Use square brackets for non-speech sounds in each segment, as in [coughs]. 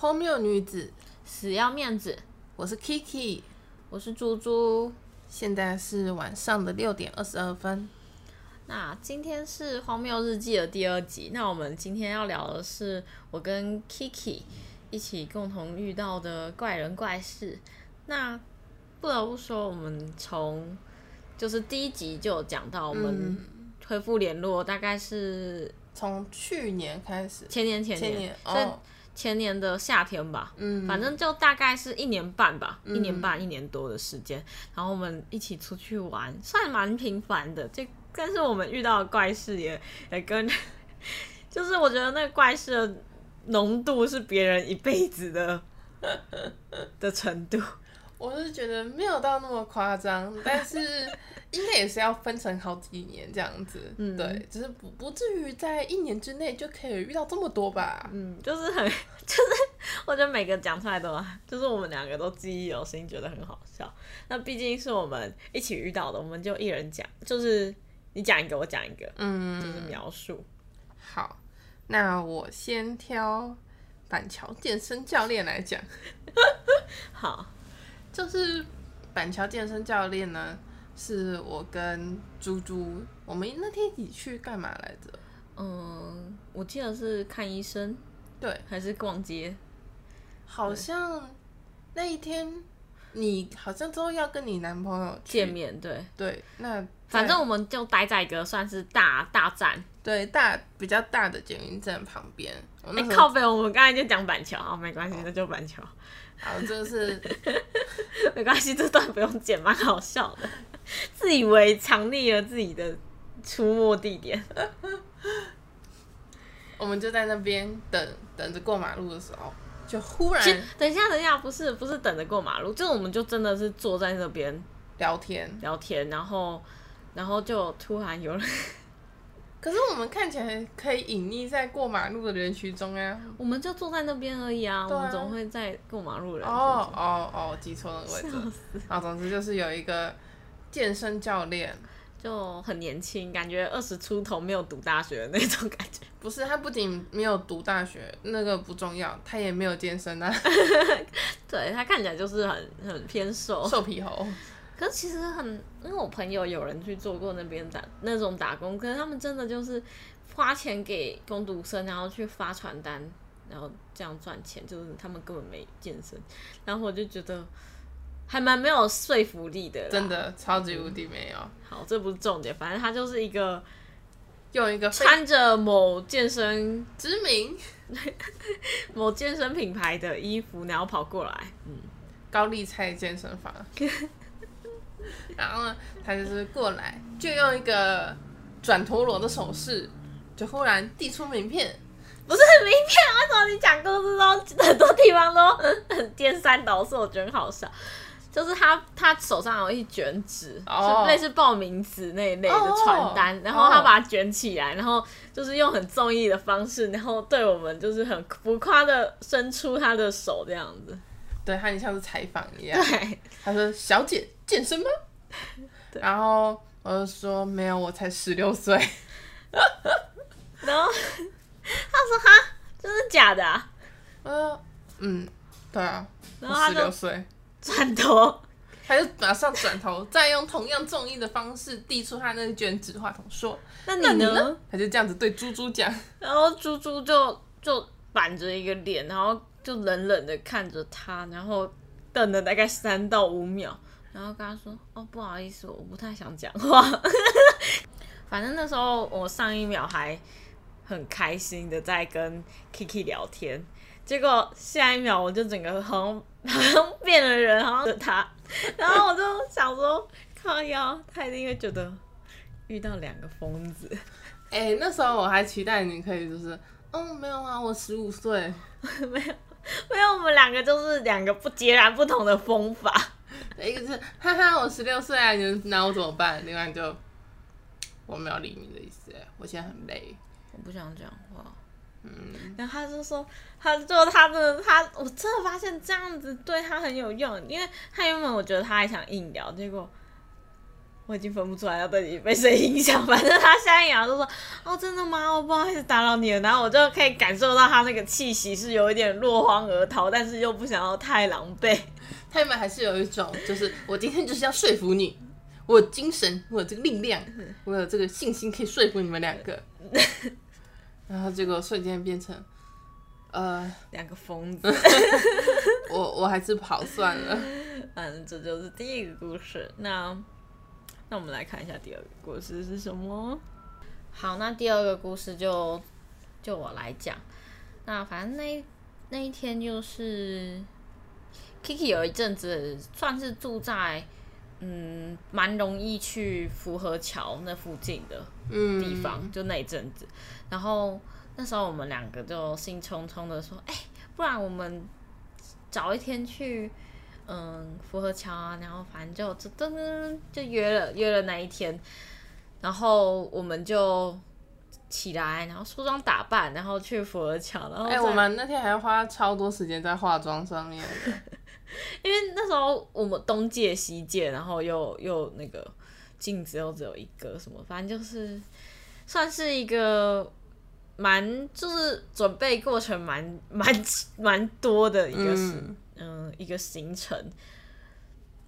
荒謬女子死要面子，我是 Kiki，我是豬豬，現在是晚上的六點二十二分，那今天是荒謬日記的第二集，那我們今天要聊的是我跟 Kiki 一起共同遇到的怪人怪事。那不得不說，我們從就是第一集就有講到我們恢復聯絡，大概是從、嗯、去年開始，前年前年，哦前年的夏天吧，嗯，反正就大概是一年半吧，嗯、一年半一年多的時間、嗯，然後我們一起出去玩，算蠻頻繁的。這但是我們遇到的怪事，也也跟，就是我覺得那個怪事的濃度是別人一輩子的的程度。我是覺得沒有到那麼誇張，但是。 [laughs] 應該也是要分成好幾年這樣子，嗯、對，只，就是不不至於在一年之內就可以遇到這麼多吧。嗯，就是很，就是我覺得每個講出來都，就是我們兩個都記憶猶新，覺得很好笑。那畢竟是我們一起遇到的，我們就一人講，就是你講一個，我講一個，嗯，就是描述。好，那我先挑板橋健身教練來講。 [laughs] 好，就是板橋健身教練呢。是我跟豬豬，我們那天一起去幹嘛來着？嗯，我記得是看醫生，對，還是逛街？好像那一天你好像都要跟你男朋友見面，對，對，那。反正我們就待在一個算是大大站，對，大，比較大的捷運站旁邊。哎、欸，靠北，我們剛才就講板橋。喔喔，沒關係，那就板橋。啊、喔，這是 [laughs] 沒關係，這段不用剪，蠻好笑的。 [laughs] 自以為藏匿了自己的出沒地點， [laughs] 我們就在那邊等等着過馬路的時候，就忽然等一下，等一下，不是不是等着過馬路，就是我們就真的是坐在那邊聊天聊天，然後。然後就突然有人，可是我們看起來可以隱匿在過馬路的人群中啊， [laughs] 我們就坐在那邊而已啊，啊，我們總會在過馬路的人哦哦哦，oh, 是是 oh, oh, 記錯那個位置啊，oh, 總之就是有一個健身教練， [laughs] 就很年輕，感覺二十出頭，沒有讀大學的那種感覺。不是，他不僅沒有讀大學，那個不重要，他也沒有健身啊， [laughs] [laughs] 對他看起來就是很很偏瘦，瘦皮猴。可是其實很，因為我朋友有人去做過那邊打那種打工，可是他們真的就是花錢給工讀生，然後去發傳單，然後這樣賺錢，就是他們根本沒健身。然後我就覺得還蠻沒有說服力的，真的超級無敵沒有，嗯。好，這不是重點，反正他就是一個用一個穿着某健身知名某健身品牌的衣服，然後跑過來，嗯，高麗菜健身房。 [laughs] 然後呢，他就是過來，就用一個轉陀螺的手勢，就忽然遞出名片，不是名片、啊，為什麼你講故事中，很多地方都很顛三倒四，我覺得好笑。就是他他手上有一卷紙，oh. 是類似報名紙那一類的傳單，oh. Oh. 然後他把它卷起來，然後就是用很綜藝的方式，然後對我們就是很浮誇的伸出他的手這樣子。對他，就像是採訪一樣。她他說：“小姐，健身嗎？”然後我就說：“沒有，我才十六歲。 [laughs] ”然後他說：“哈，真的假的、啊？”我、呃、說：“嗯，對啊。”十六歲。轉頭，他就馬上轉頭，再用同樣重音的方式遞出他那卷紙話筒說，說：“那你呢？”他就這樣子對豬豬講，然後豬豬就就板着一個臉，然後。就冷冷地看着他，然後瞪了大概三到五秒，然後跟他說：“哦，不好意思，我不太想講話。 [laughs] ”反正那時候我上一秒還很開心的在跟 Kiki 聊天，結果下一秒我就整個好像好像變了人， [laughs] 好像是他。然後我就想說：“靠腰，他一定會覺得遇到兩個瘋子。欸”哎，那時候我還期待你可以就是……嗯，沒有啊，我十五歲， [laughs] 沒有。沒有，我們兩個就是兩個不截然不同的方法。一個是，哈哈，我十六歲啊，你拿我怎麼辦？另外就，我沒有理你的意思，我現在很累，我不想講話。嗯，然後他就說，他就他的他，我真的發現這樣子對他很有用，因為他原本我覺得他還想硬聊，結果。我已經分不出來到底被誰影響，反正他下一秒就說：“哦，真的嗎？我不好意思打擾你了。”然後我就可以感受到他那個氣息是有一點落荒而逃，但是又不想要太狼狽。他們還是有一種，就是我今天就是要說服你，我有精神，我有這個力量，我有這個信心可以說服你們兩個。 [laughs] 然後結果瞬間變成呃，兩個瘋子。 [laughs] [laughs] 我我還是跑算了。反正，嗯，這就是第一個故事。那。那我們來看一下第二個故事是什麼？好，那第二個故事就就我來講。那反正那那一天就是，Kiki 有一陣子算是住在嗯，蠻容易去福和橋那附近的地方，嗯、就那一陣子。然後那時候我們兩個就興沖冲的說，哎、欸，不然我們早一天去。嗯，福和橋啊，然後反正就噔噔噔就約了約了那一天，然後我們就起來，然後梳妝打扮，然後去福和橋，然後哎、欸，我們那天還要花超多時間在化妝上面， [laughs] 因為那時候我們東借西借，然後又又那個鏡子又只有一個什麼，反正就是算是一個蠻就是準備過程蠻蠻蠻多的一個事。嗯嗯，一個行程，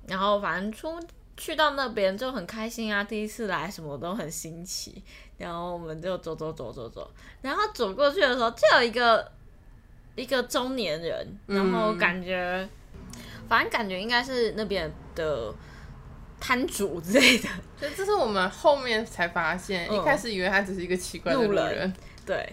然後反正出去到那邊就很開心啊，第一次來什麼都很新奇，然後我們就走走走走走，然後走過去的時候，就有一個一個中年人，然後感覺，嗯、反正感覺應該是那邊的攤主之類的，就這是我們後面才發現、嗯，一開始以為他只是一個奇怪的路人，路人，對。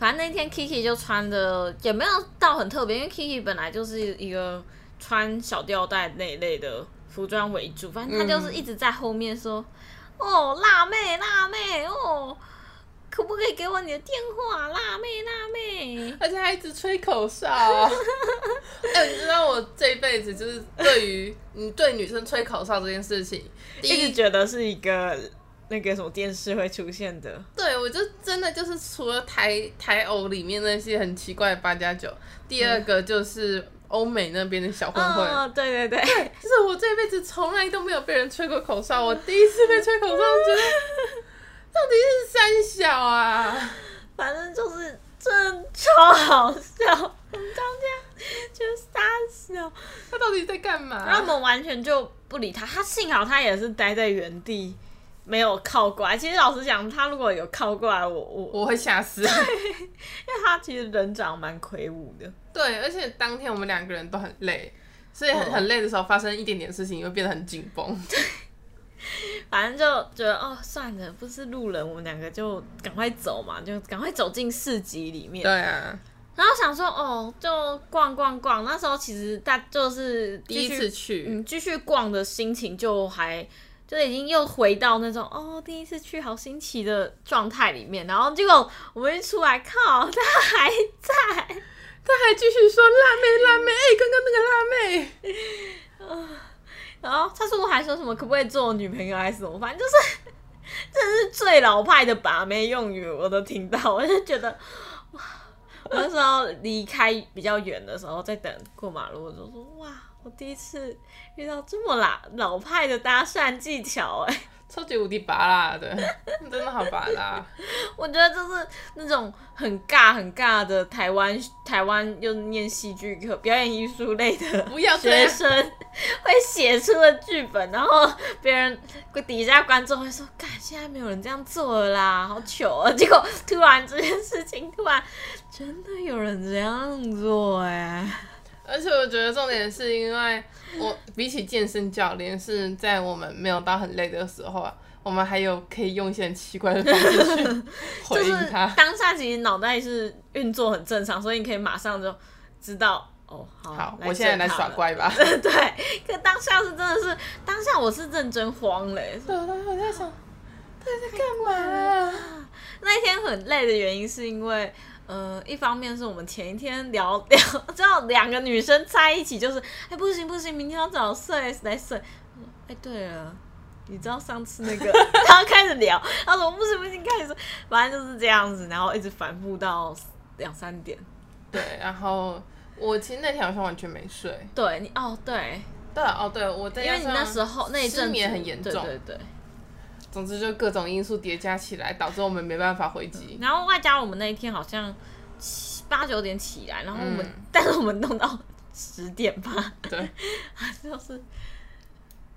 反正那天 Kiki 就穿的也沒有到很特別，因為 Kiki 本來就是一個穿小吊帶那一類的服裝為主。反正他就是一直在後面說、嗯，哦，辣妹，辣妹，哦，可不可以給我你的電話，辣妹，辣妹，而且還一直吹口哨、啊。哎、 [laughs] 欸，你知道我這一輩子就是對於你對女生吹口哨這件事情， [laughs] 一,一直覺得是一個。那個什麼電視會出現的？對，我就真的就是除了台台偶裡面那些很奇怪的八加九，第二個就是歐美那邊的小混混、嗯哦。對對對，就是我這輩子從來都沒有被人吹過口哨，我第一次被吹口哨，嗯、覺得到底是三小啊，反正就是真的超好笑。我們當家就是三小，他到底在幹嘛？然後我們完全就不理他，他幸好他也是待在原地。沒有靠過來，其實老實講，他如果有靠過來我，我我我會嚇死啊，因為他其實人長得蠻魁梧的。對，而且當天我們兩個人都很累，所以很很累的時候發生一點點事情，又變得很緊繃。對、哦， [laughs] 反正就覺得哦，算了，不是路人，我們兩個就趕快走嘛，就趕快走進市集裡面。對啊。然後想說哦，就逛逛逛，那時候其實大就是第一次去，嗯，繼續逛的心情就還。就已經又回到那種哦，第一次去好新奇的狀態裡面，然後結果我們一出來，靠，他還在，他還繼續說辣妹辣妹，哎、嗯欸，剛剛那個辣妹，嗯、然後他說我還說什麼可不可以做我女朋友還是什麼，反正就是這是最老派的把妹用語，我都聽到，我就覺得哇，我那時候離開比較遠的時候，在等過馬路，我就說哇。我第一次遇到這麼老老派的搭訕技巧哎、欸，超級無敵拔辣，的， [laughs] 真的好拔辣。我覺得就是那種很尬很尬的台灣臺灣又念戲劇科表演藝術類的，的，不要學生會寫出了劇本，然後別人底下觀眾會說：“幹現在沒有人這樣做了啦，好糗。”結果突然這件事情突然真的有人這樣做哎、欸。而且我覺得重點是因為我比起健身教練是在我們沒有到很累的時候啊，我們還有可以用一些奇怪的方式去回應他。 [laughs] 就是當下其實腦袋是運作很正常，所以你可以馬上就知道哦。好，好，我現在來耍怪吧。 [laughs] 對，可當下是真的是當下我是認真慌嘞。對，當時我在想他、啊、在幹嘛、啊？那一天很累的原因是因為。呃，一方面是我們前一天聊聊，知道兩個女生在一起就是，哎、欸、不行不行，明天要早睡來睡。哎、欸、對了，你知道上次那個，他 [laughs] 開始聊，他說不行不行，開始，反正就是這樣子，然後一直反覆到兩三點。對，然後我其實那天晚上完全沒睡。對，你哦對，對哦對我，在。因為你那時候那一陣失眠很嚴重。對對，對。總之，就各種因素疊加起來，導致我們沒辦法回擊，嗯。然後外加我們那一天好像七八九點起來，然後我們、嗯、但是我們弄到十點吧。對， [laughs] 就是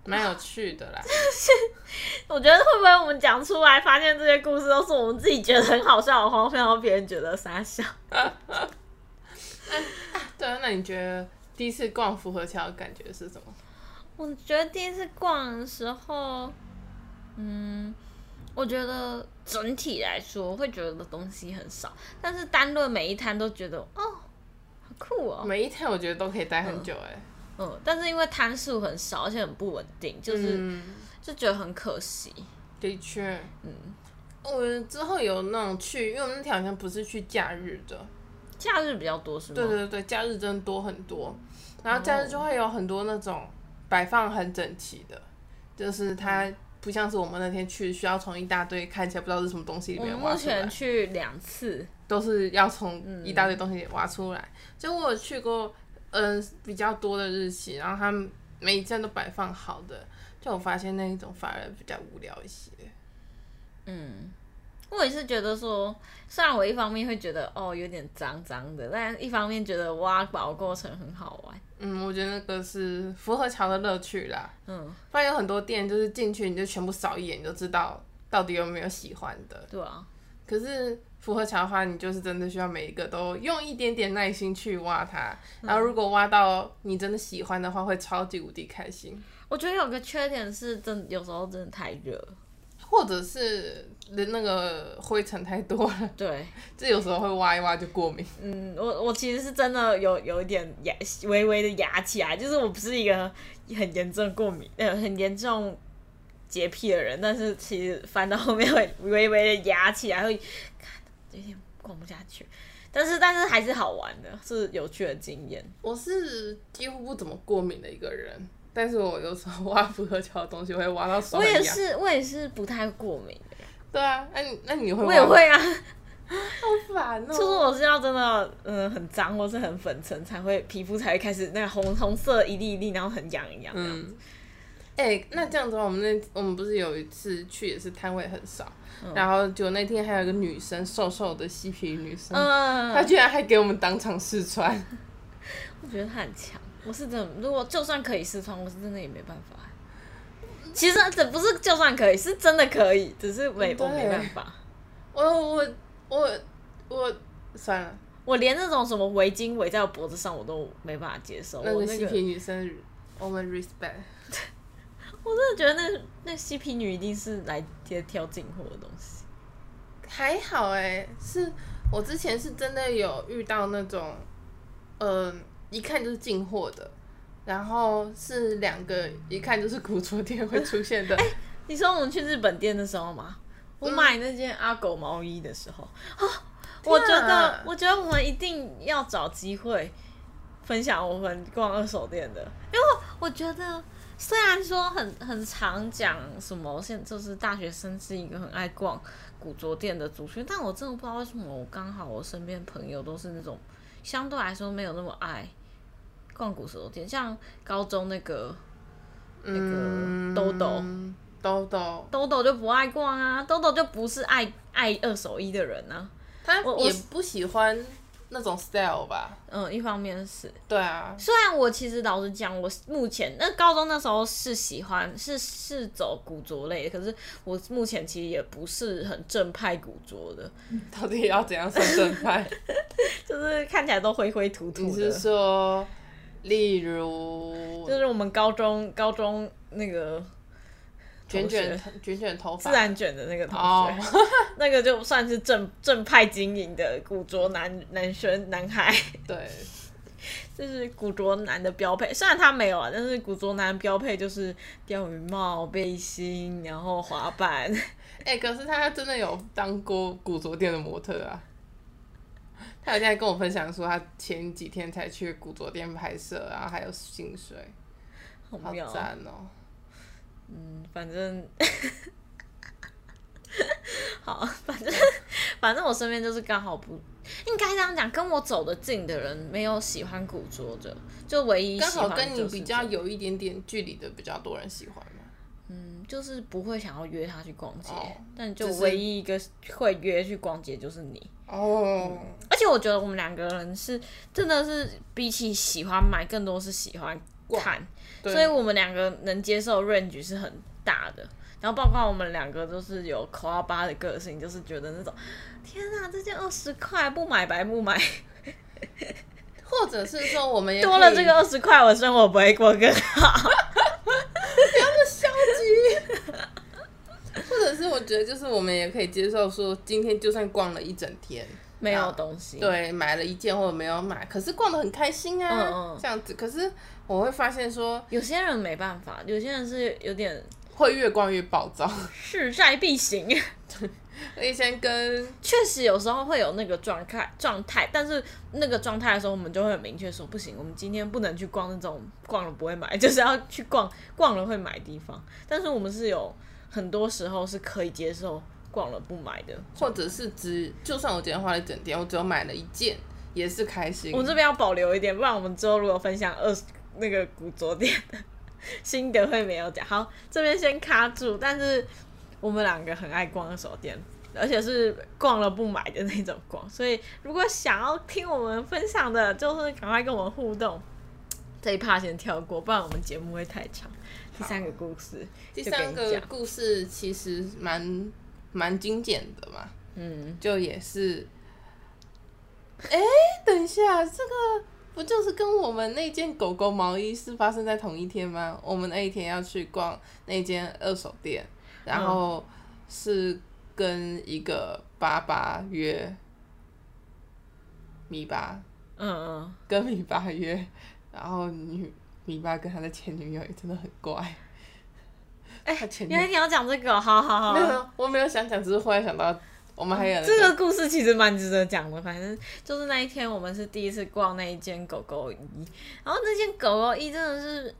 蠻有趣的啦。我覺得會不會我們講出來，發現這些故事都是我們自己覺得很好笑、荒謬，然後別人覺得傻笑、， [laughs] 哎？那、哎、對啊，那你覺得第一次逛福和橋感覺是什麼？我覺得第一次逛的時候。嗯，我覺得整體來說會覺得的東西很少，但是單論每一攤都覺得哦，好酷哦。每一攤我覺得都可以待很久哎，嗯。嗯，但是因為攤數很少，而且很不穩定，就是、嗯、就覺得很可惜。的確，嗯，我之後有那種去，因為我們那天好像不是去假日的，假日比較多是嗎？對對對，假日真的多很多，然後假日就會有很多那種擺放很整齊的、嗯，就是它。不像是我們那天去需要從一大堆看起來不知道是什麼東西裡面挖出來。我之前去兩次，都是要從一大堆東西裡面挖出來。嗯、就我有去過，嗯，比較多的日期，然後他們每一站都擺放好的，就我發現那一種反而比較無聊一些。嗯，我也是覺得說，雖然我一方面會覺得哦，有點髒髒的，但一方面覺得挖寶過程很好玩。嗯，我覺得那個是福和橋的樂趣啦。嗯，發現有很多店就是進去，你就全部掃一眼，你就知道到底有沒有喜歡的。嗯、對啊。可是福和橋的話，你就是真的需要每一個都用一點點耐心去挖它。嗯、然後如果挖到你真的喜歡的話，會超級無敵開心。我覺得有個缺點是真有時候真的太熱。或者是那個灰塵太多了，對，這有時候會挖一挖就過敏。嗯，我我其實是真的有有一點癢，微微的癢起來，就是我不是一個很嚴重過敏，呃，很嚴重潔癖的人，但是其實翻到後面會微微的癢起來，會，看，有點過不下去，但是但是還是好玩的，是有趣的經驗。我是幾乎不怎麼過敏的一個人。但是我有時候挖不脫膠的東西，我會挖到手癢。我也是，我也是不太過敏、欸、對啊，那你那你會不會？我也會啊， [laughs] 好煩哦、喔。就是我是要真的，嗯，很髒或是很粉塵，才會皮膚才會開始那個紅紅色一粒一粒，然後很癢癢這樣子。哎、嗯欸，那這樣子的話，我們那我們不是有一次去也是攤位很少、嗯，然後就那天還有一個女生，瘦瘦的細皮女生，嗯，她居然還給我們當場試穿，我覺得她很強。我是真的，如果就算可以試穿，我是真的也沒辦法、啊。其實這不是就算可以，是真的可以，只是沒、嗯、我沒辦法。我我我我算了，我連那種什麼圍巾圍在我脖子上，我都沒辦法接受。那個嬉皮女生，我們、那、respect、個。我真的覺得那那嬉皮女一定是來接挑進貨的東西。還好哎、欸，是我之前是真的有遇到那種，嗯、呃。一看就是進貨的，然後是兩個一看就是古着店會出現的。哎、嗯欸，你說我們去日本店的時候嗎？嗯、我買那件阿狗毛衣的時候啊，啊，我覺得，我覺得我們一定要找機會分享我們逛二手店的，因為我覺得雖然說很很常講什麼現在就是大學生是一個很愛逛古着店的族群，但我真的不知道為什麼我剛好我身邊朋友都是那種相對來說沒有那麼愛，逛古著店，像高中那個那個豆豆豆豆豆就不愛逛啊，豆豆就不是愛愛二手衣的人呢、啊。他也不喜歡那種 style 吧？嗯，一方面是，對啊。雖然我其實老實講，我目前那高中那時候是喜歡是是走古着類的，可是我目前其實也不是很正派古着的。到底要怎樣算正派？ [laughs] 就是看起來都灰灰土土是說？例如，就是我們高中高中那個捲捲捲捲頭髮自然捲的那個同學，oh. 呵呵那個就算是正正派經營的古着男男生男孩。對，就是古着男的標配。雖然他沒有啊，但是古着男的標配就是釣魚帽、背心，然後滑板。哎、欸，可是他真的有當過古着店的模特啊。他有現在跟我分享說，他前幾天才去古着店拍攝，然後還有薪水，好讚哦，喔。嗯，反正 [laughs] 好，反正反正我身邊就是剛好不應該這樣講，跟我走得近的人沒有喜歡古着的，就唯一喜歡的就是剛，這個，好跟你比較有一點點距離的比較多人喜歡嘛。嗯，就是不會想要約他去逛街，哦，但就唯一一個會約去逛街就是你。哦、oh. 嗯，而且我覺得我們兩個人是真的是比起喜歡買，更多是喜歡看，wow. 所以我們兩個能接受 range 是很大的。然後包括我們兩個都是有摳啊巴的個性，就是覺得那種天哪、啊，這件二十塊不買白不買， [laughs] 或者是說我們多了這個二十塊，我生活不會過更好。 [laughs] 我覺得就是我們也可以接受，說今天就算逛了一整天，沒有東西，啊、對，買了一件或者沒有買，可是逛得很開心啊，嗯嗯。這樣子。可是我會發現說，有些人沒辦法，有些人是有點會越逛越暴躁，勢在必行。我以前跟確實有時候會有那個狀態狀態，但是那個狀態的時候，我們就會很明確說，不行，我們今天不能去逛那種逛了不會買，就是要去逛逛了會買的地方。但是我們是有。很多時候是可以接受逛了不買的，或者是只就算我今天花了一整天，我只要買了一件也是開心。我這邊要保留一點，不然我們之後如果分享二那個古着店 [laughs] 心得會沒有講。好，這邊先卡住，但是我們兩個很愛逛二手店，而且是逛了不買的那種逛。所以如果想要聽我們分享的，就是趕快跟我們互動，這一趴先跳過，不然我們節目會太長。第三個故事，第三個故事其實蠻蠻精簡的嘛，嗯，就也是，哎、欸，等一下，這個不就是跟我們那件狗狗毛衣是發生在同一天嗎？我們那一天要去逛那間二手店，然後是跟一個爸爸約米八，嗯嗯，跟米八約，然後女。米爸跟他的前女友也真的很乖。哎、欸，他前女友你一定要講這個？好好好。沒有，我沒有想講，只是忽然想到，我們還有個、嗯、這個故事其實蠻值得講的。反正就是那一天，我們是第一次逛那一間狗狗衣，然後那件狗狗衣真的是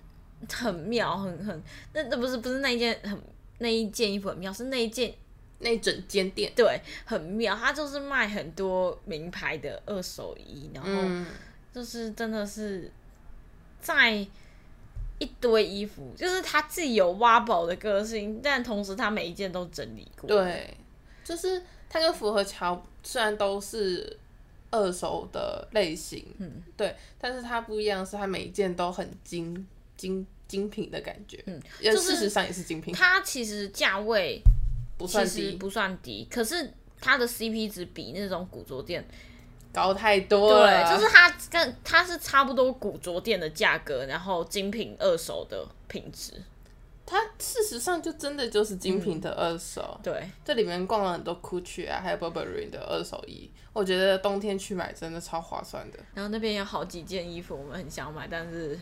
很妙，很很那那不是不是那一件很那一件衣服很妙，是那一件那一整間店對很妙，他就是賣很多名牌的二手衣，然後就是真的是在。嗯一堆衣服，就是他既有挖寶的個性，但同時他每一件都整理過。對，就是他跟福和橋雖然都是二手的類型，嗯，對，但是它不一樣，是它每一件都很精精精品的感覺，嗯，就是、事實上也是精品。它其實價位其實不算低，不算低，可是它的 CP 值比那種古着店，高太多了，對，就是它跟它是差不多古着店的價格，然後精品二手的品質，它事實上就真的就是精品的二手。嗯、對，這裡面逛了很多 Gucci 啊，還有 Burberry 的二手衣，我覺得冬天去買真的超划算的。然後那邊有好幾件衣服，我們很想買，但是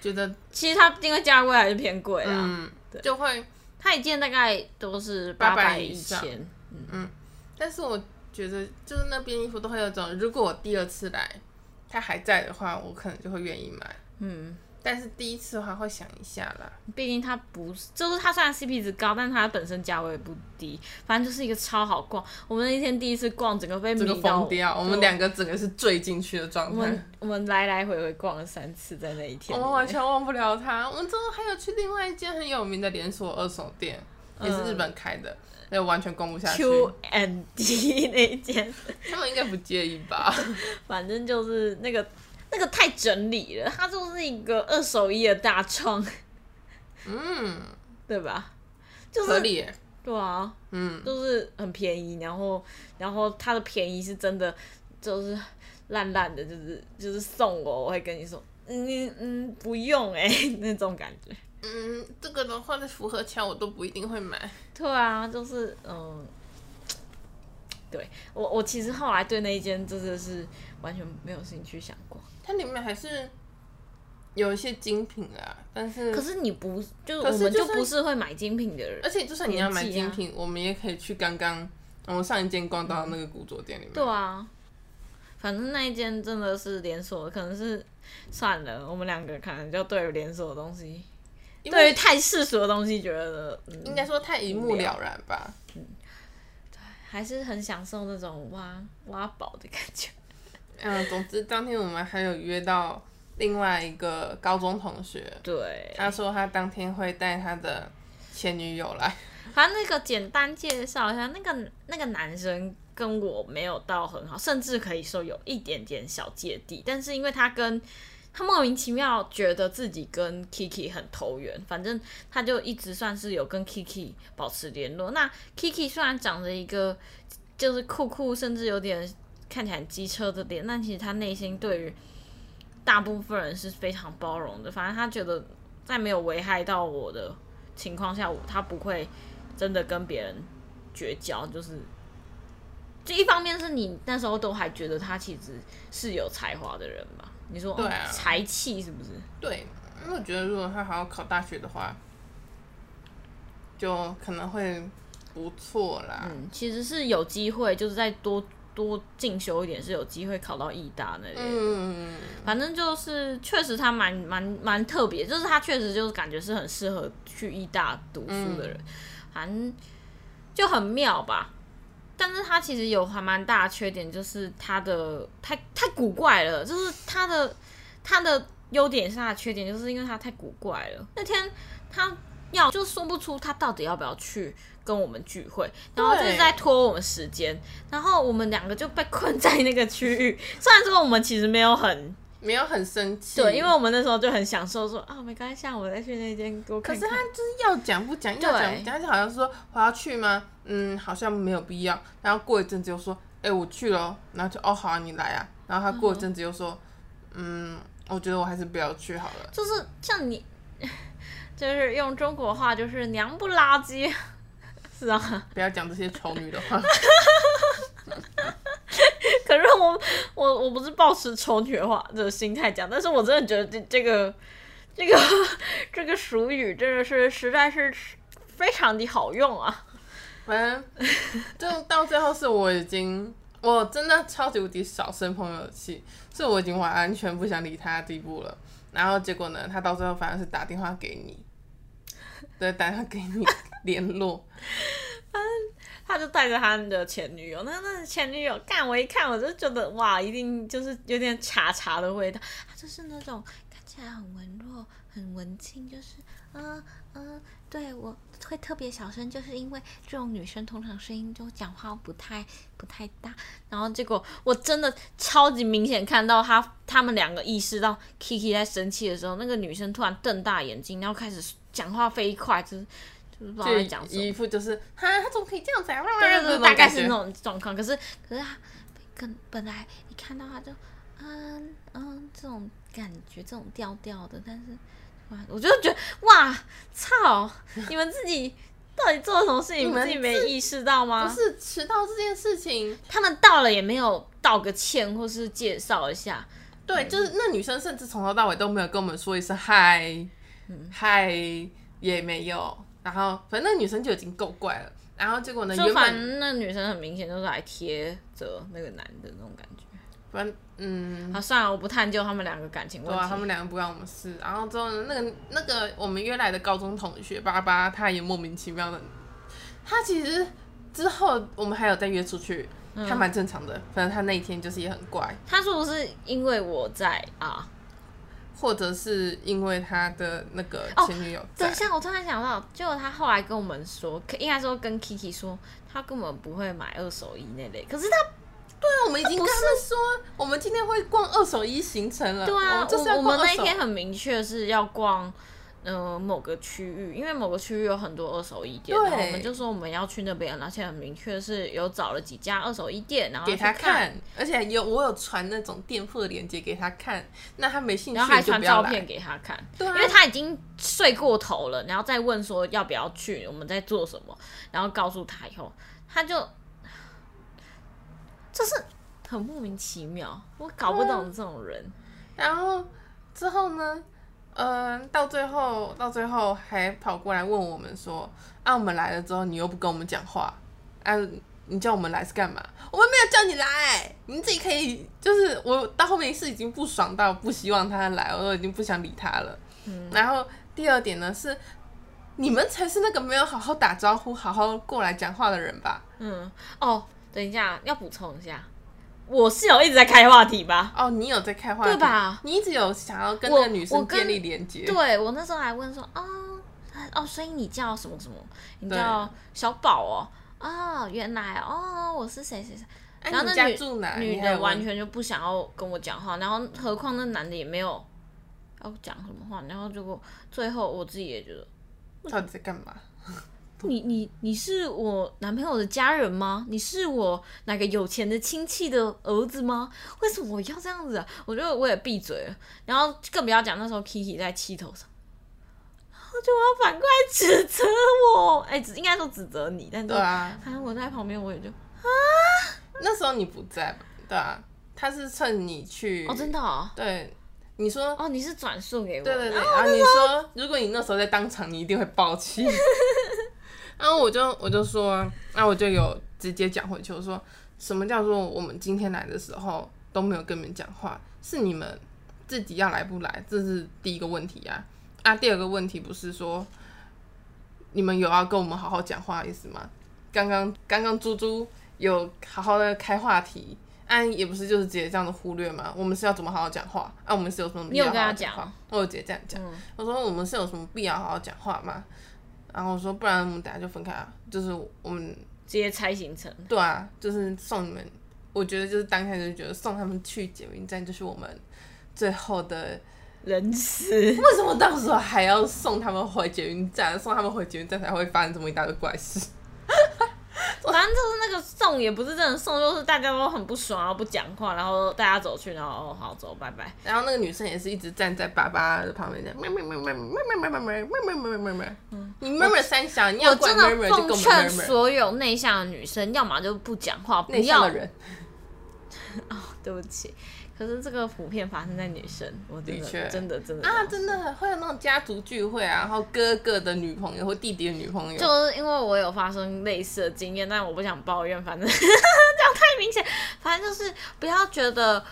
覺得其實它因為價位還是偏貴啊，嗯，對，就會它一件大概都是八百一千。嗯，但是我。覺得就是那邊衣服都很有種，如果我第二次來，它還在的話，我可能就會願意買。嗯，但是第一次的話會想一下啦，畢竟它不是，就是它雖然 CP 值高，但它本身價位不低。反正就是一個超好逛，我們那一天第一次逛，整個被迷、這個、瘋掉，我們兩個整個是醉進去的狀態。我們來來回回逛了三次在那一天，我們完全忘不了它。我們之後還有去另外一間很有名的連鎖二手店、嗯，也是日本開的。那完全攻不下去。Q and D 那一件，他們應該不介意吧？反正就是那個那個太整理了，它就是一個二手衣的大創，嗯，對吧？就是合理，對啊，嗯，就是很便宜，然後然後它的便宜是真的，就是爛爛的、就是，就是爛爛的，就是就是送我、喔，我會跟你說，嗯嗯，不用哎、欸，那種感覺。嗯，這個的話在福和橋我都不一定會買。對啊，就是嗯，對我我其實後來對那一間真的是完全沒有興趣想過。它裡面還是有一些精品啊，但是可是你不就是，我們就，可是就，就不是會買精品的人，啊，而且就算你要買精品，我們也可以去剛剛我們上一間逛到那個古着店裡面，嗯。對啊，反正那一間真的是連鎖，可能是算了，我們兩個可能就對連鎖的東西。因為對於太世俗的東西，覺得、嗯、應該說太一目了然吧。嗯，對，還是很享受那種挖挖寶的感覺。嗯，總之當天我們還有約到另外一個高中同學，對，他說他當天會帶他的前女友來。他那個簡單介紹一下，那個那個男生跟我沒有到很好，甚至可以說有一點點小芥蒂，但是因為他跟他莫名其妙覺得自己跟 Kiki 很投緣，反正他就一直算是有跟 Kiki 保持聯絡。那 Kiki 雖然長著一個就是酷酷，甚至有點看起來很機車的臉，但其實他內心對於大部分人是非常包容的。反正他覺得在沒有危害到我的情況下，他不會真的跟別人絕交。就是，就一方面是你那時候都還覺得他其實是有才華的人吧。你說、啊嗯、才氣是不是？對，因為我覺得如果他好好考大學的話，就可能會不錯啦。嗯，其實是有機會，就是再多多進修一點是有機會考到藝大那裡。嗯，反正就是確實他蠻蠻蠻特別，就是他確實就是感覺是很適合去藝大讀書的人，嗯，反正就很妙吧。但是他其實有還蠻大的缺點，就是他的太太古怪了。就是他的他的優點是他的缺點，就是因為他太古怪了。那天他要就說不出他到底要不要去跟我們聚會，然後就是在拖我們時間，然後我們兩個就被困在那個區域。雖然說我們其實沒有很。沒有很生氣。對，因為我們那時候就很享受說，說、哦、啊，沒關係，啊，我再去那間看看。可是他就是要講不講，要講，講，講起好像說我要去嗎？嗯，好像沒有必要。然後過一陣子又說，哎、欸，我去了、哦，然後就哦好啊，你來啊。然後他過一陣子又說、哦，嗯，我覺得我還是不要去好了。就是像你，就是用中國話，就是娘不拉嘰，是啊，不要講這些醜女的話。 [laughs] 反正我我我不是抱持仇女化的心態講，但是我真的覺得這這個這個這個俗語真的是實在是非常的好用啊！反正就到最後是我已經我真的超級無敵生朋友氣，是我已經完全不想理他的地步了。然後結果呢，他到最後反而是打電話給你，對，打電話給你聯絡。嗯。 [laughs] 他就帶着他的前女友，那那前女友，看我一看，我就覺得哇，一定就是有點茶茶的味道。他就是那種看起來很文弱，很文靜，就是嗯嗯，對我會特別小聲，就是因為這種女生通常聲音就講話不太不太大。然後結果我真的超級明顯看到他他們兩個意識到 Kiki 在生氣的時候，那個女生突然瞪大眼睛，然後開始講話飛快，就是。不知道在講什麼就衣服，就是，哈，他怎麼可以這樣子啊？對，對，對大概是那種狀況。可是可是他跟本來一看到他就，嗯嗯，這種感覺，這種調調的。但是，哇，我就覺得，哇，操！你們自己到底做了什麼事情？ [laughs] 你們自己沒意識到嗎？不是遲到這件事情。他們到了也沒有道個歉，或是介紹一下。對、嗯，就是那女生甚至從頭到尾都沒有跟我們說一聲、嗯、嗨，嗯、嗨也沒有。然後反正那女生就已經夠怪了，然後結果呢？就反正那女生很明顯就是來貼着那個男的那種感覺，反正嗯，好，算了，我不探究他們兩個感情問題，哇、啊，他們兩個不讓我們試。然後之後呢，那個那個我們約來的高中同學爸爸，他也莫名其妙的。他其實之後我們還有再約出去，他蠻正常的。反正他那一天就是也很怪，嗯、他說不是因為我在啊？或者是因為他的那個前女友，哦，等一下，我突然想到，就他後來跟我們說，應該說跟 Kiki 說，他根本不會買二手衣那類。可是他，對啊，我們已經跟他們說，他不是說我們今天會逛二手衣行程了，對啊，我們這是要逛，我們那天很明確是要逛。呃，某個區域，因為某個區域有很多二手衣店，然後我們就說我們要去那邊，而且很明確是有找了幾家二手衣店，然後給他看，而且有我有傳那種店鋪的鏈接給他看，那他沒興趣，然後還傳照片給他看對，啊，因為他已經睡過頭了，然後再問說要不要去，我們在做什麼，然後告訴他以後，他就這是很莫名其妙，我搞不懂這種人，嗯、然後之後呢？嗯、呃，到最後，到最後還跑過來問我們說：“啊，我們來了之後，你又不跟我們講話，啊，你叫我們來是幹嘛？我們沒有叫你來，你自己可以。”就是我到後面是已經不爽到不希望他來，我都已經不想理他了。嗯，然後第二點呢是，你們才是那個沒有好好打招呼、好好過來講話的人吧？嗯，哦，等一下要補充一下。我是有一直在開話題吧？哦，你有在開話題，對吧？你一直有想要跟那個女生建立連接。對，我那時候還問說哦，哦，所以你叫什麼什麼？你叫小寶哦。哦，原來哦，我是誰誰誰。然後那女女的完全就不想要跟我講話，然後何況那男的也沒有要講什麼話，然後結果最後我自己也覺得，到底在幹嘛？你你你是我男朋友的家人嗎？你是我哪個有錢的親戚的兒子嗎？為什麼我要這樣子、啊？我就，我也閉嘴了。然後更不要講那時候 Kiki 在氣頭上，我就要反過來指責我。哎、欸，應該說指責你，但是對，反正我在旁邊我也就啊。那時候你不在吧？對啊，他是趁你去哦，真的。哦。對，你說哦，你是轉述給我。對對對啊，然後你說、哦、如果你那時候在當場，你一定會爆氣。 [laughs] 然、啊、後我就我就說、啊，那、啊、我就有直接講回去，我說什麼叫做我們今天來的時候都沒有跟你們講話，是你們自己要來不來，這是第一個問題呀、啊。啊，第二個問題不是說你們有要跟我們好好講話的意思嗎？剛剛剛剛豬豬有好好的開話題，啊也不是就是直接這樣子忽略嗎？我們是要怎麼好好講話？啊，我們是有什麼必要好好有跟他講話？我就直接這樣講、嗯，我說我們是有什麼必要好好講話嗎？然後我說，不然我們等下就分開啊，就是我們直接拆行程。對啊，就是送你們。我覺得就是當下就覺得送他們去捷運站，就是我們最後的仁慈。為什麼到時候還要送他們回捷運站？送他們回捷運站才會發生這麼一大堆的怪事？ [laughs] [music] 反正就是那個送也不是真的送，就是大家都很不爽，不講話，然後大家走去，然後哦好走，拜拜。然後那個女生也是一直站在爸爸的旁邊，這樣，妹妹妹妹妹妹妹妹妹妹妹妹妹。你妹妹三小，妹妹妹妹我真的奉勸所有內向的女生， [music] 要麼就不講話，不要。可是這個普遍發生在女生，我的確真的真的啊，真的會有那種家族聚會啊，然後哥哥的女朋友或弟弟的女朋友，就是因為我有發生類似的經驗，但我不想抱怨，反正 [laughs] 這樣太明顯，反正就是不要覺得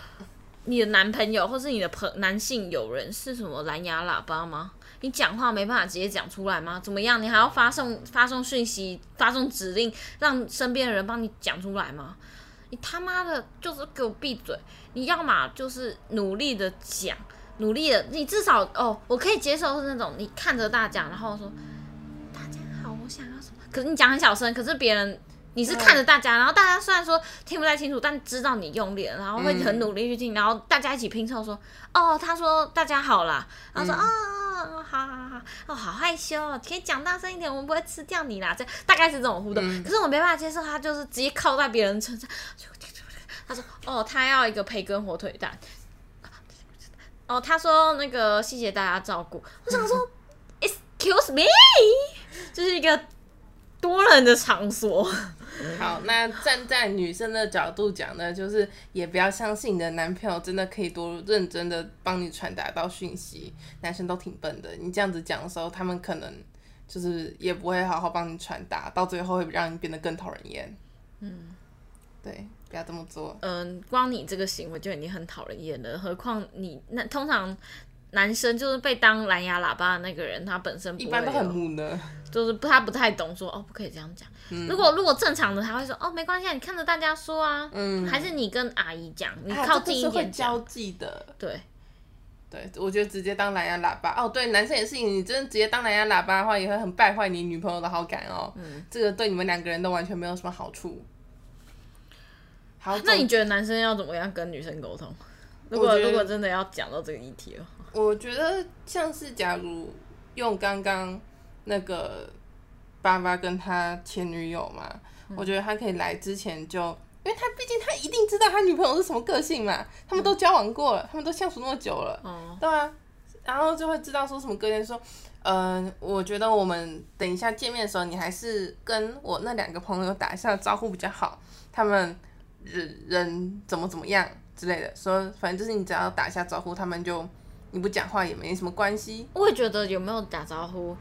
你的男朋友或是你的朋男性友人是什麼藍牙喇叭嗎？你講話沒辦法直接講出來嗎？怎麼樣？你還要發送發送訊息、發送指令，讓身邊的人幫你講出來嗎？你他媽的，就是給我閉嘴！你要嘛就是努力的講，努力的，你至少哦，我可以接受是那種你看着大家，然後說、嗯、大家好，我想要什麼。可是你講很小聲，可是別人你是看着大家，然後大家雖然說聽不太清楚，但知道你用力，然後會很努力去聽，嗯、然後大家一起拼湊說，哦，他說大家好啦，然後說啊。嗯哦 [noise] 哦、好好好，哦、好害羞、哦，可以講大聲一點，我們不會吃掉你啦。這大概是這種互動、嗯，可是我沒辦法接受他就是直接靠在別人身上。他說：“哦，他要一個培根火腿蛋。”哦，他說那個謝謝大家照顧。我想說，Excuse me，這是一個多人的場所。 [noise] 好，那站在女生的角度講呢，就是也不要相信你的男朋友真的可以多認真的幫你傳達到訊息。男生都挺笨的，你這樣子講的時候，他們可能就是也不會好好幫你傳達到，最後會讓你變得更討人厭。嗯，對，不要這麼做。嗯、呃，光你這個行為，就已經很討人厭了，何況你那通常。男生就是被當藍牙喇叭的那個人，他本身不會一般都很木訥，就是不他不太懂說哦，不可以這樣講、嗯。如果如果正常的他會說哦，沒關係，你看着大家說啊，嗯，還是你跟阿姨講，你靠近一點講、啊、是會交際的，對，對，我覺得直接當藍牙喇叭哦，對，男生也是，你真的直接當藍牙喇叭的話，也會很敗壞你女朋友的好感哦，嗯、這個對你們兩個人都完全沒有什麼好處好。那你覺得男生要怎麼樣跟女生溝通？如果如果真的要講到這個議題了。我覺得像是，假如用剛剛那個爸爸跟他前女友嘛，我覺得他可以來之前就，因為他畢竟他一定知道他女朋友是什麼個性嘛，他們都交往過了，他們都相處那麼久了，嗯，對啊，然後就會知道說什麼個性，說，嗯，我覺得我們等一下見面的時候，你還是跟我那兩個朋友打一下招呼比較好，他們人人怎麼怎麼樣之類的，說反正就是你只要打一下招呼，他們就。你不講話也沒什麼關係。我也覺得有沒有打招呼，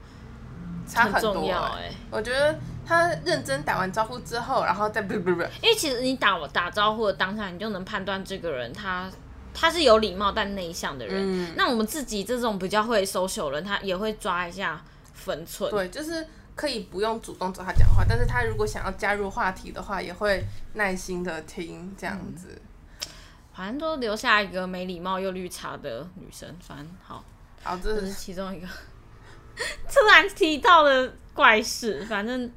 差很，很重要，欸。哎，我覺得他認真打完招呼之後，然後再不不不，因為其實你打打招呼的當下，你就能判斷這個人他，他他是有禮貌但內向的人，嗯。那我們自己這種比較會 social 的人，他也會抓一下分寸。對，就是可以不用主動找他講話，但是他如果想要加入話題的話，也會耐心的聽這樣子。嗯反正都留下一個沒禮貌又綠茶的女生，反正好，好，這是,這是其中一個突然提到的怪事。反正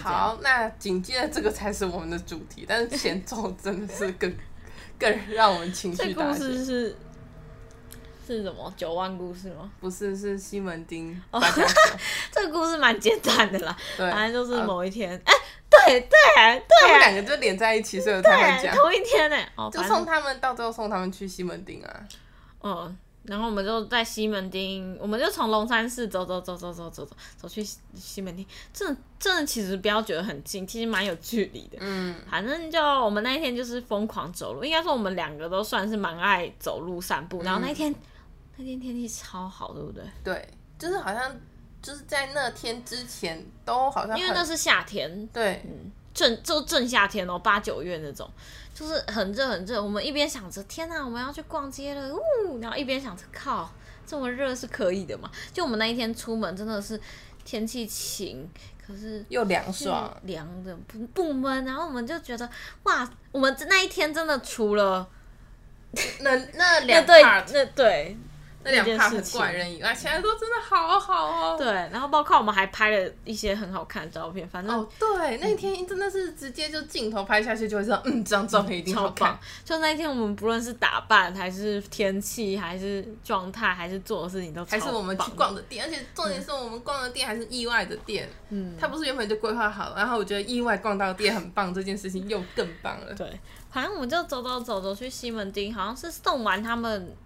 好，那緊接着這個才是我們的主題，但是前奏真的是更 [laughs] 更讓我們情緒。這故事是是什麼？九萬故事嗎？不是，是西門町。Oh, [laughs] 這個故事蠻簡短的啦， [laughs] 反正就是某一天，哎、嗯。欸對對、啊、對、啊，他們兩個就連在一起會，所以我才會講同一天呢、欸，就送他們到最後送他們去西門町啊、哦，嗯，然後我們就在西門町，我們就從龍山寺走走走走走走走走，走去西，西門町，這這其實不要覺得很近，其實蠻有距離的，嗯，反正就我們那一天就是瘋狂走路，應該說我們兩個都算是蠻愛走路散步，然後那天、嗯、那天天氣超好，對不對？對，就是好像。就是在那天之前都好像，因為那是夏天，對，正、嗯、就正夏天哦，八九月那種，就是很熱很熱。我們一邊想着天吶、啊，我們要去逛街了，嗚，然後一邊想着靠，這麼熱是可以的嘛？就我們那一天出門真的是天氣晴，可是又涼爽，涼的不不悶。然後我們就覺得哇，我們那一天真的除了那那兩對 [laughs] 那對。那對這兩件事情，怪人以外，起來都真的好好哦、喔。對，然後包括我們還拍了一些很好看的照片，反正哦，對，那天真的是直接就鏡頭拍下去就會知道，嗯，嗯嗯這張照片一定好看棒。就那一天，我們不論是打扮，還是天氣，還是狀態，還是做的事情都超棒的，都還是我們去逛的店，而且重點是我們逛的店還是意外的店。嗯，他不是原本就規劃好，了，然後我覺得意外逛到的店很棒， [laughs] 這件事情又更棒了。對，反正我們就走走走走去西門町，好像是送完他們。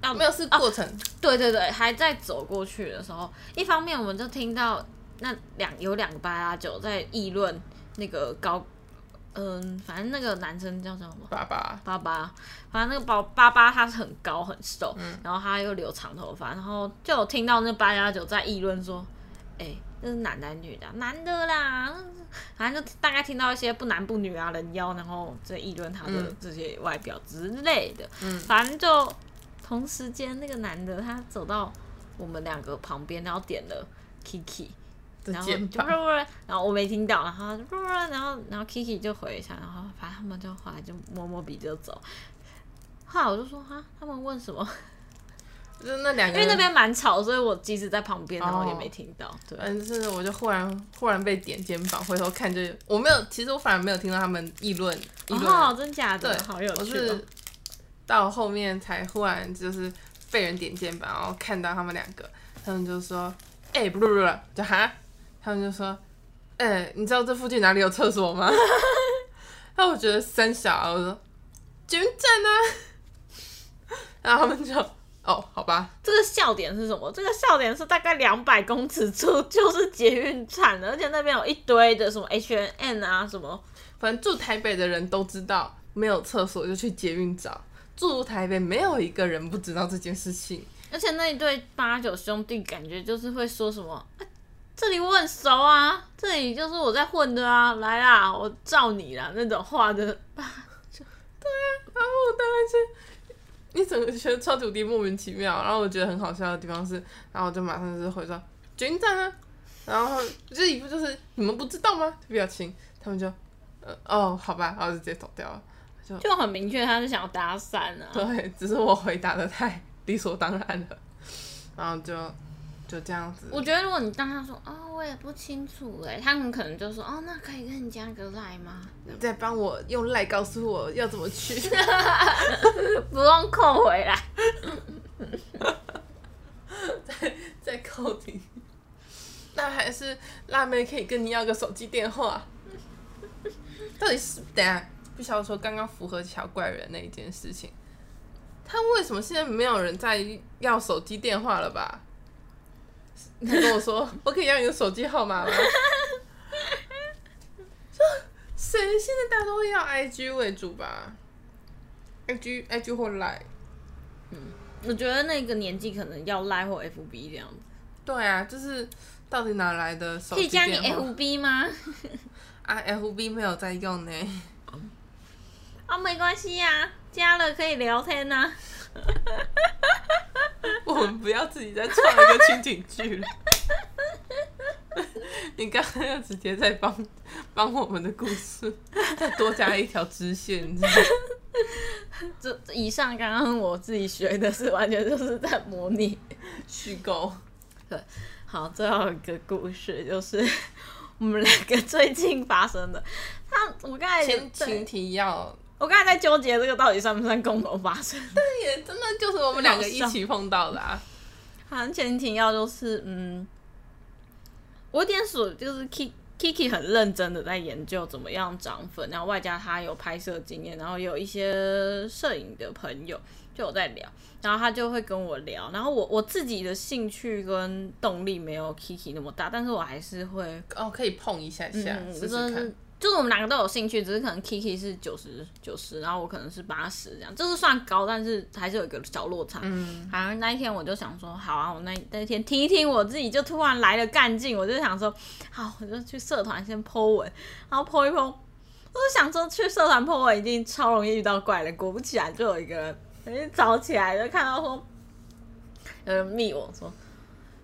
啊，沒有事過程、哦。對對對，還在走過去的時候，一方面我們就聽到那兩有兩個八加九在議論那個高，嗯、呃，反正那個男生叫什麼？八八八八，反正那個八八八他是很高很瘦、嗯，然後他又留長頭髮，然後就聽到那八加九在議論說，哎、欸，那是男的女的？男的啦，反正就大概聽到一些不男不女啊人妖，然後在議論他的這些外表之類的，嗯，反正就。同時間，那個男的他走到我們兩個旁邊，然後點了 Kiki，然後就嚷嚷嚷，然後我沒聽到，然後啵，然後然後 Kiki 就回一下，然後反正他們就後來就摸摸鼻就走。後來我就說啊，他們問什麼？就是那兩個，因為那邊蠻吵，所以我即使在旁邊，然後也沒聽到，哦，對，但是我就忽然忽然被點肩膀，回頭看就我沒有，其實我反而沒有聽到他們議論。議論，哦哦，真假的，對，好有趣哦。到後面才忽然就是被人點肩膀，然後看到他們兩個，他們就說：“哎、欸，不錄嚕了，就哈。”他們就說：“哎、欸，你知道這附近哪裡有廁所嗎？”那、 [laughs] 啊、我覺得三小，我說：“捷運站啊。”然後他們就：“哦，好吧。”這個笑點是什麼？這個笑點是大概兩百公尺處就是捷運站，而且那邊有一堆的什麼 H&M 啊什麼，反正住台北的人都知道，沒有廁所就去捷運找。住台北沒有一個人不知道這件事情，而且那一對八九兄弟感覺就是會說什麼，欸、這裡我很熟啊，這裡就是我在混的啊，來啦，我罩你啦那種話的八九， [laughs] 對啊，然後我當時，你怎麼覺得超主爹莫名其妙？然後我覺得很好笑的地方是，然後我就馬上就是回說，軍長啊，然後這一副就是 [laughs] 你們不知道嗎？表情，他們就，呃，哦，好吧，然後就直接走掉了。就，就很明確，他是想要搭訕了。對，只是我回答的太理所當然了，然後就就這樣子。我覺得如果你當他說哦，我也不清楚哎、欸，他們可能就說哦，那可以跟你加個賴嗎？再幫我用賴告訴我要怎麼去， [laughs] 不用扣回來， [laughs] 再再扣你，那還是辣妹可以跟你要個手機電話，到底是不是？等不曉得說，剛剛符合小怪人那一件事情，他為什麼現在沒有人在要手機電話了吧？他跟我說，我可以要你的手機號碼嗎？說，誰現在大家都會要 IG 為主吧？IG IG 或賴，嗯，我覺得那個年紀可能要賴或 FB 這樣子。對啊，就是到底哪來的手機電話？可以加你 FB 嗎？ [laughs] 啊，FB 沒有在用呢。啊、oh,，沒關係呀，啊，加了可以聊天吶，啊。 [laughs] 我們不要自己再創一個情景劇了。 [laughs] 你剛剛要直接再幫幫我們的故事，再多加一條支線是是 [laughs] 這。這以上剛剛我自己學的是完全就是在模擬虛構。對，好，最後一個故事就是我們兩個最近發生的。他，我剛才前,前情提要。我剛才在糾結這個到底算不算共同發生，但也真的就是我們兩個一起碰到的啊。好像，好像前提要就是，嗯，我有點數就是 Ki, Kiki 很認真的在研究怎麼樣漲粉，然後外加他有拍攝經驗，然後有一些攝影的朋友就有在聊，然後他就會跟我聊，然後我我自己的興趣跟動力沒有 Kiki 那麼大，但是我還是會哦，可以碰一下下，嗯，試試看。就是我們兩個都有興趣，只是可能 Kiki 是九十九十，然後我可能是八十這樣，就是算高，但是還是有一個小落差。嗯，好，那一天我就想說，好啊，我那那一天聽一聽，我自己就突然來了幹勁，我就想說，好，我就去社團先 Po 文，然後 Po 一 Po。我就想說去社團 Po 文已經超容易遇到怪了，果不其然就有一個人，一早起來就看到說，有人密我說，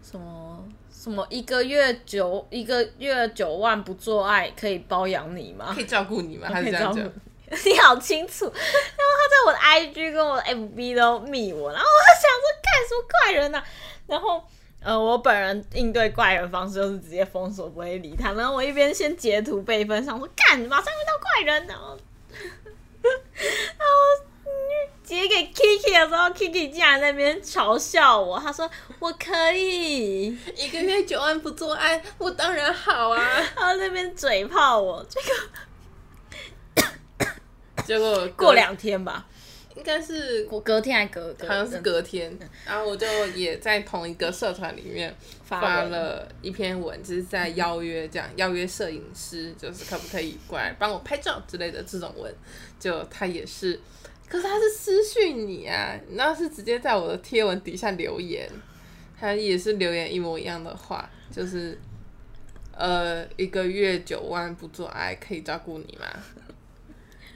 什麼？什麼一個月九一個月九萬不做愛，可以包養你嗎？可以照顧你嗎？還是這樣講？你好清楚，然後他在我的 IG 跟我的 FB 都密我，然後我還想說幹什麼怪人呢、啊？然後呃，我本人應對怪人的方式就是直接封鎖，不會理他。然後我一邊先截圖備份上，說幹，馬上遇到怪人然後然後直接。嗯截給 K 有時候，Kiki 竟然在那邊嘲笑我，她說：“我可以一個月九萬不做愛，我當然好啊。 [laughs] ”她在那邊嘴炮我，這個 [coughs] 結果過兩天吧，應該是我隔天還是隔隔，好像是隔天。然後我就也在同一個社團裡面 [laughs] 發了一篇文，就是在邀約，這樣邀約攝影師，就是可不可以過來幫我拍照之類的這種文。就他也是。可是他是私訊你啊，那是直接在我的貼文底下留言，他也是留言一模一樣的話，就是，呃，一個月九萬不做愛可以照顧你嗎？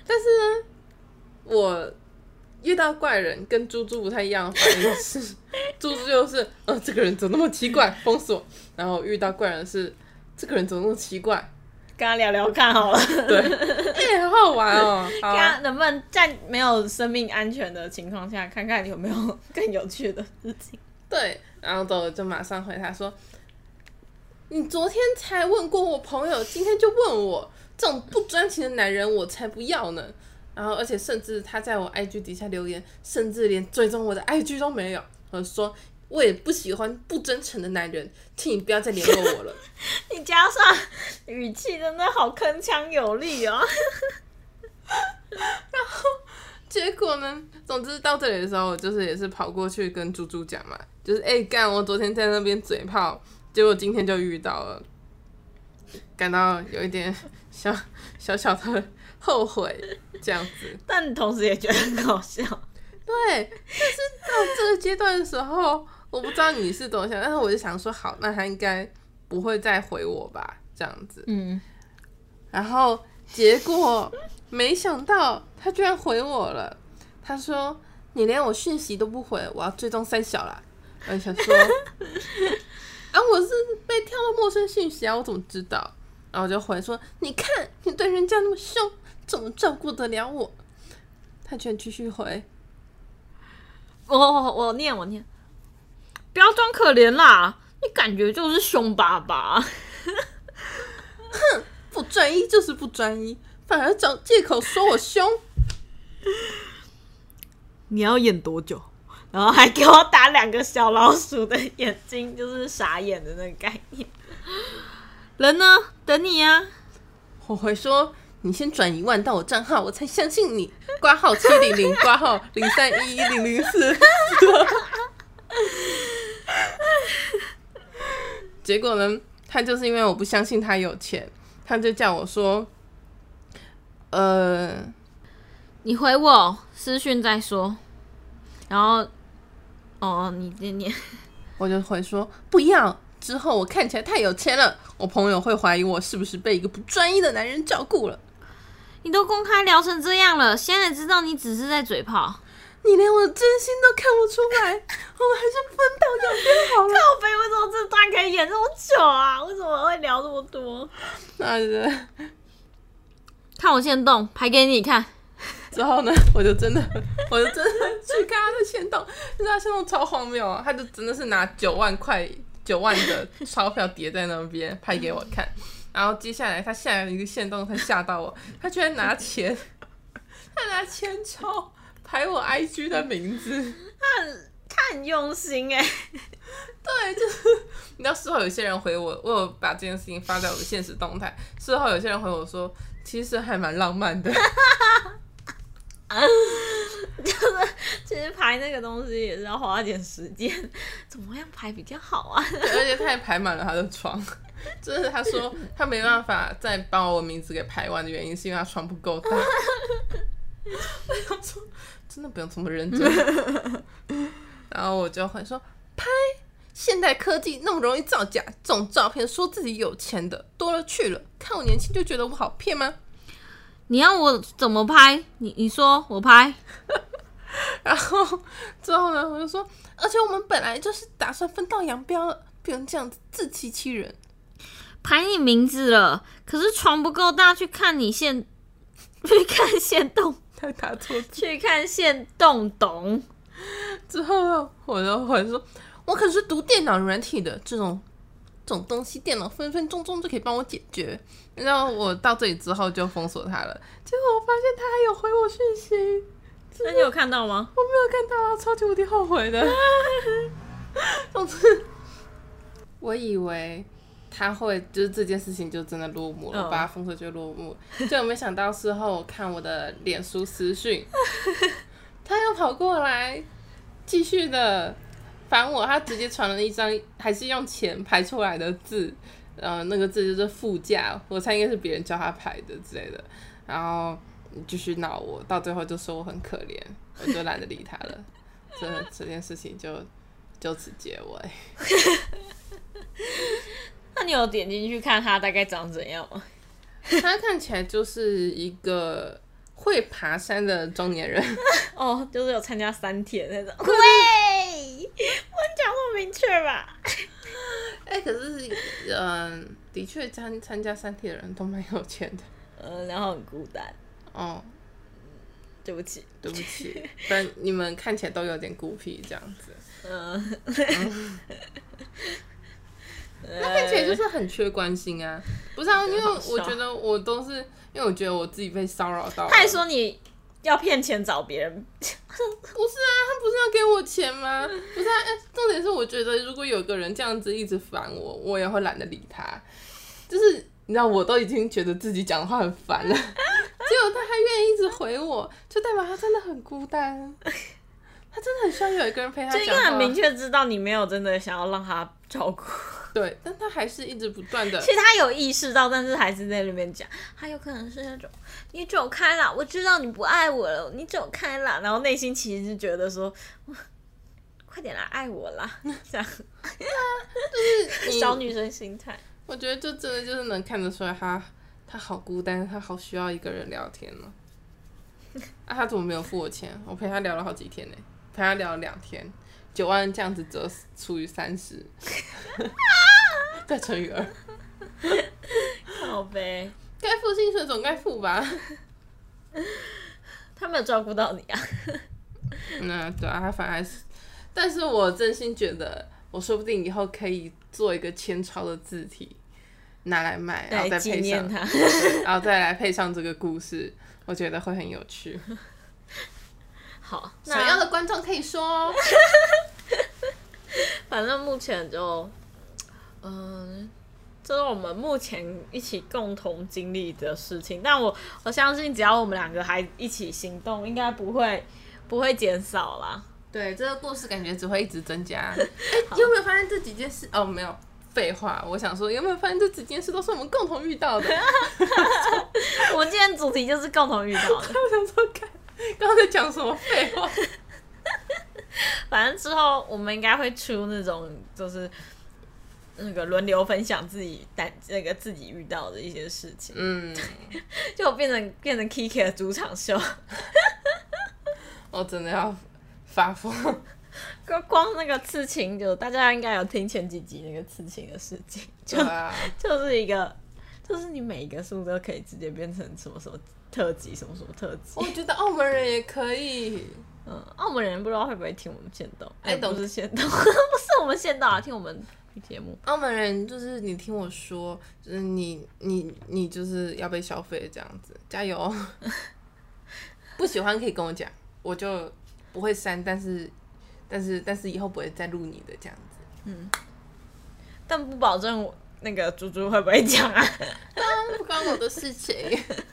但是呢，我遇到怪人跟豬豬不太一樣的反應是，豬豬就是，嗯、呃，這個人怎麼那麼奇怪，封鎖。然後遇到怪人是，這個人怎麼那麼奇怪。跟他聊聊看好了，對，也 [laughs] 很、欸、好，好玩哦。看 [laughs] 他能不能在沒有生命安全的情況下、啊，看看有沒有更有趣的事情。對，然後豆就馬上回他說：“你昨天才問過我朋友，今天就問我，這種不專情的男人我才不要呢。”然後，而且甚至他在我 IG 底下留言，甚至連追蹤我的 IG 都沒有。我說。我也不喜歡不真誠的男人，請你不要再聯絡我了。 [laughs] 你加上語氣真的好鏗鏘有力哦、喔。 [laughs] 然後結果呢？總之到這裡的時候，我就是也是跑過去跟豬豬講嘛，就是哎幹、欸，我昨天在那邊嘴炮，結果今天就遇到了，感到有一點小小，小的後悔這樣子，但同時也覺得很搞笑。對，就是到這個階段的時候。我不知道你是怎麼想，但是我就想說，好，那他應該不會再回我吧？這樣子。嗯。然後結果 [laughs] 沒想到他居然回我了。他說：“你連我訊息都不回，我要追蹤三小了。”我就想說：“ [laughs] 啊，我是被挑到陌生訊息啊，我怎麼知道？”然後我就回說：“你看，你對人家那麼兇，怎麼照顧得了我？”他居然繼續回。我我念我念。我念不要裝可憐啦！你感覺就是凶巴巴。哼 [laughs] [laughs] 不專一就是不專一，反而找借口說我凶。你要演多久？然後還給我打兩個小老鼠的眼睛，就是傻眼的那個概念。人呢？等你呀、啊。我回說，你先轉一萬到我賬號，我才相信你。掛號七零零，掛號零三一一零零四。 [laughs] 結果呢？他就是因為我不相信他有錢，他就叫我說：“呃，你回我私訊再說。”然後，哦，你念念，我就回說：“不要。”之後我看起來太有錢了，我朋友會懷疑我是不是被一個不專一的男人照顧了。你都公開聊成這樣了，現在知道你只是在嘴炮。你連我的真心都看不出來， [laughs] 我們還是分道揚鑣好了。靠北，為什麼這段可以演這麼久啊？為什麼會聊這麼多？那、就是看我限動拍給你看。之後呢，我就真的，我就真的去看他的限動，那 [laughs] 他限動超荒謬啊！他就真的是拿九萬塊、九萬的鈔票疊在那邊拍給我看。 [laughs] 然後接下來他下一個限動才嚇到我，他居然拿錢， [laughs] 他拿錢抽。排我 IG 的名字，嗯、他很他很用心哎、欸，對，就是你知道事後有些人回我，我有把這件事情發在我的限時動態。事後有些人回我說，其實還蠻浪漫的， [laughs] 就是其實排那個東西也是要花點時間，怎麼樣排比較好啊？而且他也排滿了他的床，就是他說他沒辦法再把我名字給排完的原因，是因為他床不夠大。 [laughs] [laughs] 真的不用這麼認真，然後我就會說拍，現代科技那麼容易造假，這種照片說自己有錢的多了去了。看我年輕就覺得我好騙嗎？你要我怎麼拍？你你說我拍， [laughs] 然後之後呢我就說，而且我們本來就是打算分道揚鑣了，不用這樣子自欺欺人。拍你名字了，可是床不夠大，去去看你現，去看現動。他打錯去看線洞洞之後，我就回說，我可是讀電腦軟體的，這種這種東西，電腦分分鐘鐘就可以幫我解決。然後我到這裡之後就封鎖他了， [laughs] 結果我發現他還有回我訊息，那你有看到嗎？我沒有看到啊，超級無敵後悔的，總之，我以為。他會就是這件事情就真的落幕了，我把他封鎖就落幕。就、oh. 我沒想到事後看我的臉書私訊， [laughs] 他又跑過來繼續的煩我，他直接傳了一張還是用錢排出來的字，然後那個字就是副駕，我猜應該是別人教他排的之類的，然後繼續鬧我，到最後就說我很可憐，我就懶得理他了，這 [laughs] 這件事情就就此結尾。 [laughs] 那你有點進去看他大概長怎樣嗎？ [laughs] 他看起來就是一個會爬山的中年人 [laughs] 哦，就是有參加三鐵那種。 [laughs] 喂，我講錯明確吧？哎、欸，可是，嗯、呃，的確參參加三鐵的人都蠻有錢的。嗯，然後很孤單。哦，對不起，對不起， [laughs] 但你們看起來都有點孤僻這樣子。嗯。 [laughs] 那看起來就是很缺關心啊，不是啊？因為我覺得我都是因為我覺得我自己被騷擾到了。他還說你要騙錢找別人， [laughs] 不是啊？他不是要給我錢嗎？不是啊？欸，重點是我覺得如果有個人這樣子一直煩我，我也會懶得理他。就是你知道，我都已經覺得自己講話很煩了，結 [laughs] 果他還願意一直回我，就代表他真的很孤單，他真的很需要有一個人陪他。就應該很明確知道你沒有真的想要讓他照顧。對，但他還是一直不斷的。其實他有意識到，但是還是在裡面講。他有可能是那種，你走開啦，我知道你不愛我了，你走開啦。然後內心其實是覺得說，快點來愛我啦，這樣。啊就是、嗯、小女生心態。我覺得就真的就是能看得出來他，他他好孤單，他好需要一個人聊天呢。那、啊、他怎麼沒有付我錢？我陪他聊了好幾天呢、欸，陪他聊了兩天。九萬這樣子折除以三十，再乘以二，好唄。該付薪水總該付吧。 [laughs] 他沒有照顧到你啊。 [laughs] 那對啊，他反而是。但是我真心覺得，我說不定以後可以做一個千鈔的字體，拿來賣，然後再配上它，然後再來配上這個故事，我覺得會很有趣。好，哪樣的觀眾可以說哦？ [laughs] 反正目前就，嗯、呃，這是我們目前一起共同經歷的事情。但我我相信，只要我們兩個還一起行動，應該不會不會減少啦。對，這個故事感覺只會一直增加。哎、欸，有沒有發現這幾件事？哦，沒有，廢話。我想說，有沒有發現這幾件事都是我們共同遇到的？ [laughs] [laughs] 我今天主題就是共同遇到的。 [laughs] 你剛才講什麼廢話？反正之後我們應該會出那種，就是那個輪流分享自己單那個自己遇到的一些事情。嗯，就變成變成 Kiki 的主場秀。我真的要發瘋！光光那個刺青，就大家應該有聽前幾集那個刺青的事情，就、啊、就是一個，就是你每一個數字都可以直接變成什麼什麼。特輯什麼什麼特輯？我、哦、覺得澳門人也可以。嗯，澳門人不知道會不會聽我們現道？愛、欸、豆是現道， [laughs] 不是我們現道啊，聽我們節目。澳門人就是你聽我說，就是你你你就是要被消費這樣子，加油！ [laughs] 不喜歡可以跟我講，我就不會刪，但是但是但是以後不會再錄你的這樣子。嗯，但不保證我。那個豬豬會不會講啊？當 [laughs] 然不關我的事情。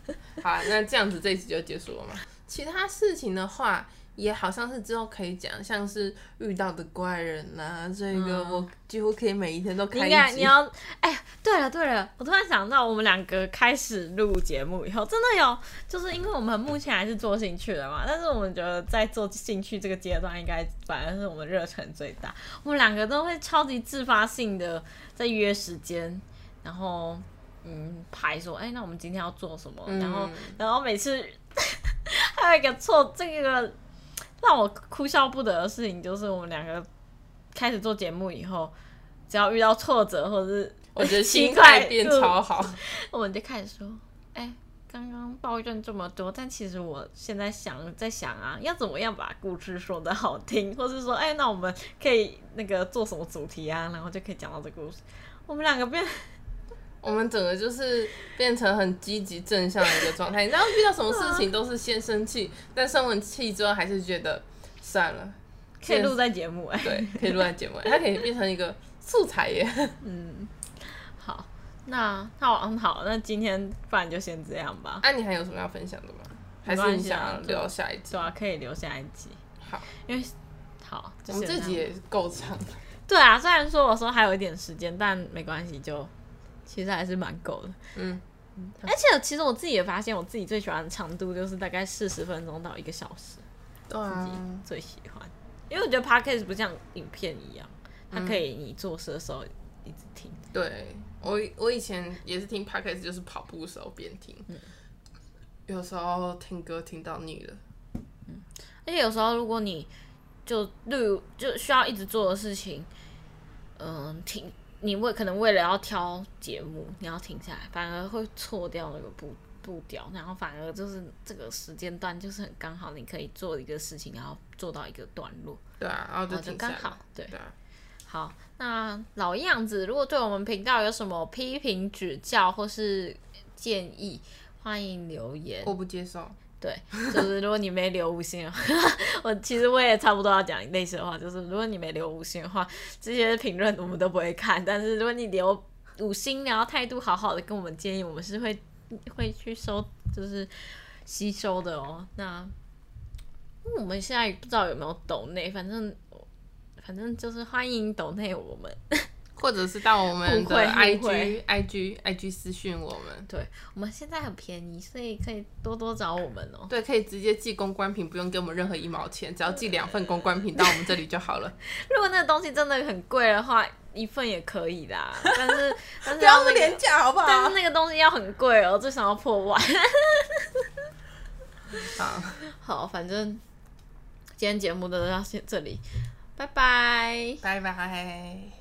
[laughs] 好，那這樣子這一集就結束了嘛？其他事情的話。也好像是之後可以講，像是遇到的怪人吶、啊，這個我幾乎可以每一天都可以、嗯。你看你要，哎、欸，對了對了，我突然想到，我們兩個開始錄節目以後，真的有，就是因為我們目前還是做興趣的嘛，但是我們覺得在做興趣這個階段，應該反而是我們熱忱最大。我們兩個都會超級自發性的在約時間，然後嗯，排說，哎、欸，那我們今天要做什麼？嗯、然後然後每次 [laughs] 還有一個錯這個。讓我哭笑不得的事情就是，我們兩個開始做節目以後，只要遇到挫折或者是我覺得心態變超好， [laughs] 我們就開始說：“哎、欸，剛剛抱怨這麼多，但其實我現在想在想啊，要怎麼樣把故事說得好聽，或是說，哎、欸，那我們可以那個做什麼主題啊？然後就可以講到這故事。我們兩個變。”我們整個就是變成很積極正向的一個狀態，然 [laughs] 後遇到什麼事情都是先生氣、啊，但生完氣之後還是覺得算了，可以錄在節目哎、欸，對，可以錄在節目、欸， [laughs] 它可以變成一個素材耶、欸。嗯，好，那那晚好，好，那今天不然就先這樣吧。那、啊、你還有什麼要分享的嗎？啊、還是想留下一集對？對啊，可以留下一集。好，因為好，我們這集也夠長。對啊，雖然說我說還有一點時間，但沒關係，就。其實還是蠻夠的、嗯，而且其實我自己也發現，我自己最喜歡的長度就是大概四十分鐘到一個小時，對、啊，自己最喜歡，因為我覺得 podcast 不像影片一樣，嗯、它可以你做事的時候一直聽，對我我以前也是聽 podcast，就是跑步的時候邊聽、嗯，有時候聽歌聽到膩了、嗯，而且有時候如果你就例如就需要一直做的事情，嗯，聽。你為可能為了要挑節目，你要停下來，反而會錯掉那個步步調，然後反而就是這個時間段就是很剛好，你可以做一個事情，然後做到一個段落。對啊，然後就剛好。對。對啊。好，那老樣子，如果對我們頻道有什麼批評、指教或是建議，歡迎留言。我不接受。對，就是如果你沒留五星的話， [laughs] [laughs] 我其實我也差不多要講類似的話，就是如果你沒留五星的話，這些評論我們都不會看。但是如果你留五星，然後態度好好的跟我們建議，我們是會會去收，就是吸收的哦。那我們現在也不知道有沒有抖內，反正反正就是歡迎抖內我們。或者是到我們的 IG 慧慧 IG IG 私訊我們，對，我們現在很便宜，所以可以多多找我們哦、喔。對，可以直接寄公關品，不用給我們任何一毛錢，只要寄兩份公關品到我們這裡就好了。 [laughs] 如果那個東西真的很貴的話，一份也可以啦。但是但是要廉、那、價、個、 [laughs] 不要不廉價好不好？但是那個東西要很貴哦，我最想要破萬。 [laughs] 好，好，反正今天節目就到這裡，拜拜，拜拜，